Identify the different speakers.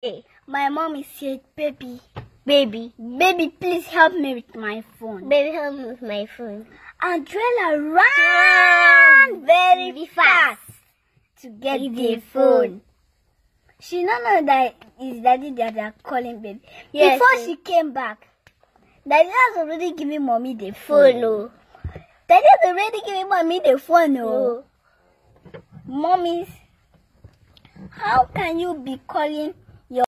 Speaker 1: Hey, my mommy said, baby, baby, baby, please help me with my phone. Baby, help me with my phone. Andrella ran, ran very, fast, fast to get the phone. phone. She not know that it's daddy that they are calling baby. Yes, Before she came back, daddy has already given mommy the phone. Oh. Daddy has already given mommy the phone. Oh. oh. how can you be calling